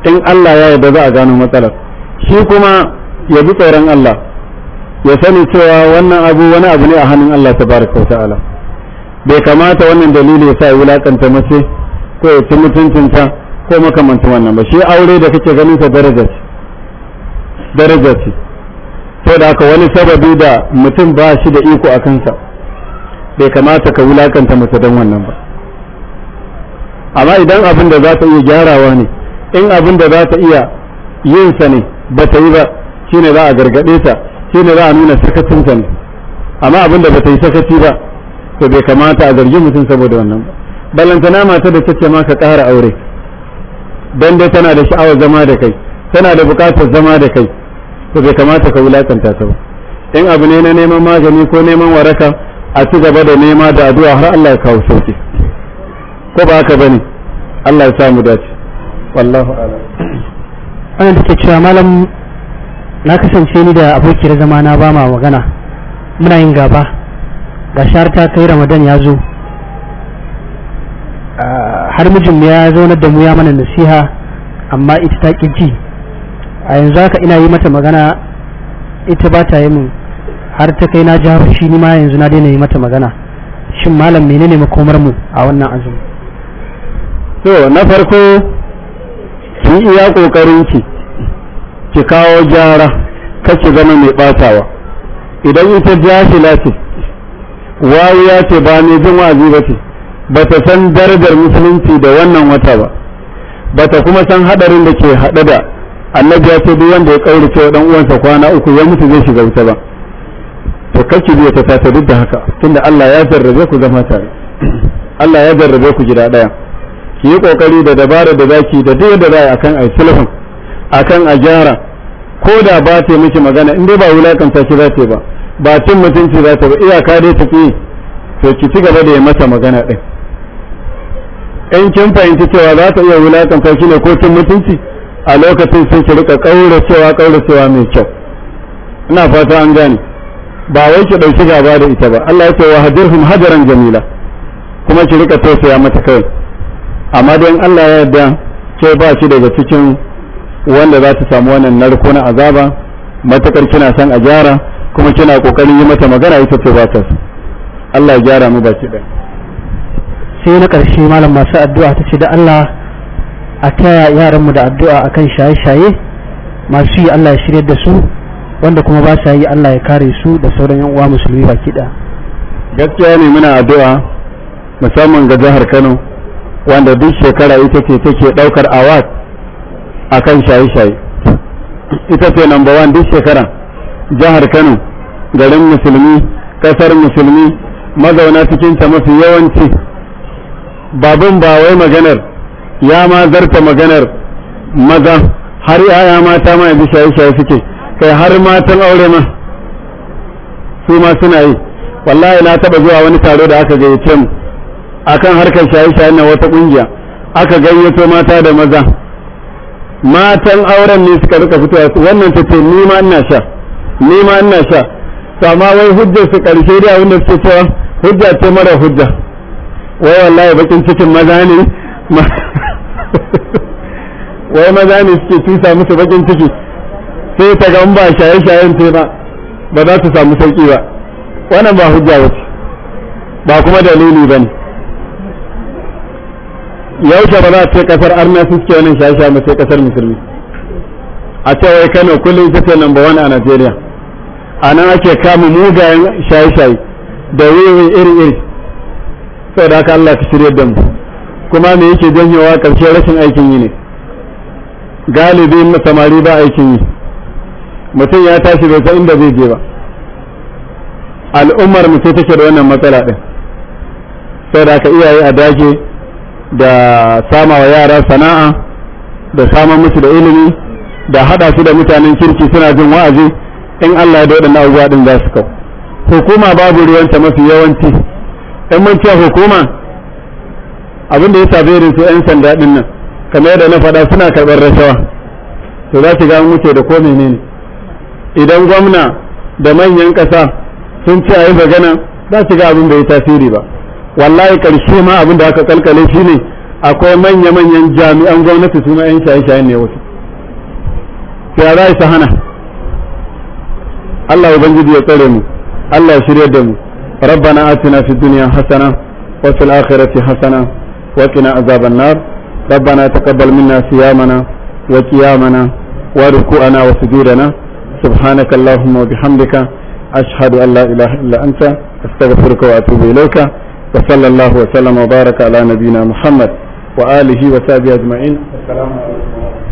in Allah ya yarda za a gano matsalar shi kuma ya bi tsoron Allah ya sani cewa wannan abu wani abu ne a hannun Allah ta tabaraka ta'ala bai kamata wannan dalili ya sa ya wulakanta mace ko ya ci mutuncinta ko makamantan wannan ba shi aure da kake ganin sa daraja ce daraja ce sai da haka wani sababi da mutum ba shi da iko a kansa bai kamata ka wulakanta mace don wannan ba amma idan abin da za ta iya gyarawa ne in abin da za ta iya yin sa ne ba ta yi ba shine za a gargaɗe ta shi ne za a nuna sakacinsa ne amma abin da ba ta yi sakaci ba to bai kamata a zargi mutum saboda wannan ba ballantana mata da tace ma ka ƙara aure don dai tana da sha'awar zama da kai tana da buƙatar zama da kai to bai kamata ka wulakanta ta ba in abu ne na neman magani ko neman waraka a ci gaba da nema da addu'a har Allah ya kawo sauki ko ba haka bane Allah ya samu dace wallahu a'lam ana da cewa malam na kasance ni da abokiyar zama na ba ma magana muna yin gaba ga shahar ta kai ramadan ya zo ah, har mijin ya zaunar da mu ya mana nasiha amma ita ta ƙi ji a yanzu haka ina yi mata magana ita ba ta yi min har ta kai na ji shi ni ma yanzu na daina yi mata magana shin malam menene makomar mu a wannan azumi to na farko ki iya kokarin ki ki kawo gyara kake zama mai batawa idan ita jahila ce wariya ce ba ne jin wazi ba ce ba ta san darajar musulunci da wannan wata ba ba ta kuma san hadarin da ke hada da annabi ya ce duk wanda ya kaurace dan uwansa kwana uku ya mutu zai shiga wuta ba to kake biya ta ta duk da haka tunda Allah ya jarrabe ku zama tare <clears throat> Allah ya jarrabe ku gida daya ki yi kokari da dabara da zaki da duk da akan a kan akan a gyara ko da ba ta miki magana in dai ba wulakanta shi za ta ba ba cin mutunci za ta ba iyaka dai ta to ki ci gaba da ya masa magana din in kin fahimci cewa za ta iya wulakanta shi ne ko cin mutunci a lokacin sun ki rika kauracewa cewa mai kyau ina fata an gane ba wai ki dauki gaba da ita ba Allah ya ce wa hadirhum hajaran jamila kuma ki rika tausaya mata kai amma dan Allah ya yarda ke ba shi daga cikin wanda za ta samu wannan narko na azaba matakar kina san a gyara kuma kina kokarin yi mata magana ita ce ba ta Allah ya gyara mu baki da sai na karshe malam masu addu'a ta ce da Allah a taya yaran mu da addu'a akan shaye-shaye masu yi Allah ya shirye da su wanda kuma ba sa yi Allah ya kare su da sauran yan uwa musulmi baki da gaskiya ne muna addu'a musamman ga jihar Kano wanda duk shekara ita ce take daukar awad. akan shaye-shaye ita ce number one duk shekara jihar kano garin musulmi kasar musulmi mazauna cikinta mafi yawanci babin ba wai maganar ya ma zarta maganar maza har yaya mata ma yanzu shaye-shaye suke kai har matan aure ma su ma suna yi wallahi na taba zuwa wani taro da aka gayyace mu akan harkar shaye-shaye na wata kungiya aka gayyato mata da maza matan auren ne suka rika fitowa wannan ta ce nima ma ina sha nima ma ina sha to amma wai hujjar su karshe da abinda suke cewa hujja ce mara hujja wai wallahi bakin cikin maza ne <laughs> wai maza ne suke tusa musu bakin ciki sai ta ga ba shaye-shayen te ba ba za su samu sauki ba wannan ba hujja ba ba kuma dalili ba ne yaushe ba za a ce kasar arna suke wani shasha ba sai kasar musulmi a ce wai kano kullum ce number one a najeriya a nan ake kama mugayen shaye-shaye da wiwi iri-iri sau da aka allah ka shirya da mu kuma me yake janyewa karshe rashin aikin yi ne galibi samari ba aikin yi mutum ya tashi bai san inda zai je ba al'ummar mu sai take da wannan matsala din sai da aka iyaye a dage da sama wa yara sana'a da sama musu da ilimi da hada su da mutanen kirki suna jin wa'azi in Allah ya daɗa na abubuwa ɗin za su kau hukuma babu ruwan ta mafi yawanci in mun ce hukuma abin da ya sabe irin su 'yan sanda ɗin nan kamar yadda na faɗa suna karɓar rashawa to za su ga muke da ko menene idan gwamna da manyan ƙasa sun ci a yi bagana za su ga abin bai tasiri ba wallahi karshe ma abin da aka kalkale shi ne akwai manya-manyan jami'an gwamnati su ma 'yan shaye-shayen ne wasu sai za su hana Allah ubangiji ya tsare mu Allah ya shirya da mu rabbana atina fid dunya hasana wa fil akhirati hasana wa qina azaban nar rabbana taqabbal minna siyamana wa qiyamana wa ruku'ana wa sujudana subhanaka allahumma wa bihamdika ashhadu an la ilaha illa anta astaghfiruka wa atubu ilayka وصلى الله وسلم وبارك على نبينا محمد وآله وصحبه أجمعين السلام عليكم